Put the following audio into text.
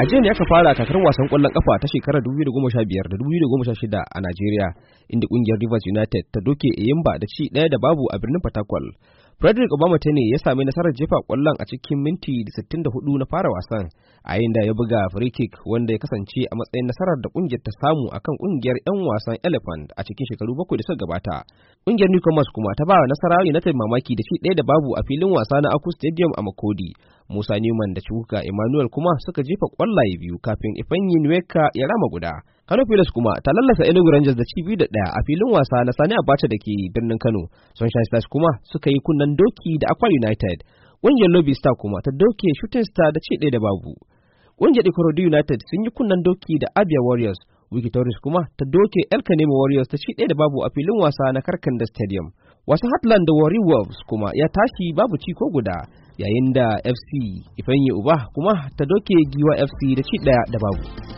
a jiya ne aka fara takar wasan kwallon kafa ta shekarar 2015 da 2016 a Najeriya inda kungiyar Rivers United ta doke Eyimba da ci ɗaya da babu a birnin Patakwal. Frederick Obama ta ne ya sami nasarar jefa kwallon a cikin minti da 64 na fara wasan, a da ya buga free kick wanda ya kasance a matsayin nasarar da ƙungiyar ta samu kan ƙungiyar 'yan wasan Elephant a cikin shekaru bakwai da suka gabata. Ƙungiyar Newcomers kuma ta ba nasara United mamaki da shi ɗaya da babu a filin wasa na Aku Stadium a Makodi. Musa Newman da Chukwuka Emmanuel kuma suka jefa kwallaye biyu kafin Ifeanyi Nweka ya rama guda. Kano Pilas kuma ta lallasa Enugu Rangers da cibi da ɗaya a filin wasa na Sani Abacha da ke birnin Kano. Sunshine Stars kuma suka yi kunnen doki da Akwa United. Ƙungiyar Lobby Star kuma ta doke Shooting Star da ce ɗaya da babu. Ƙungiyar Ikorodu United sun yi kunnen doki da Abia Warriors. Wiki Torres kuma ta doke El Kanema Warriors ta ci ɗaya da babu a filin wasa na Karkanda Stadium. Wasu Hatland da Warri Wolves kuma ya tashi babu ci ko guda yayin da FC Ifanye Uba kuma ta doke Giwa FC da ci ɗaya da babu.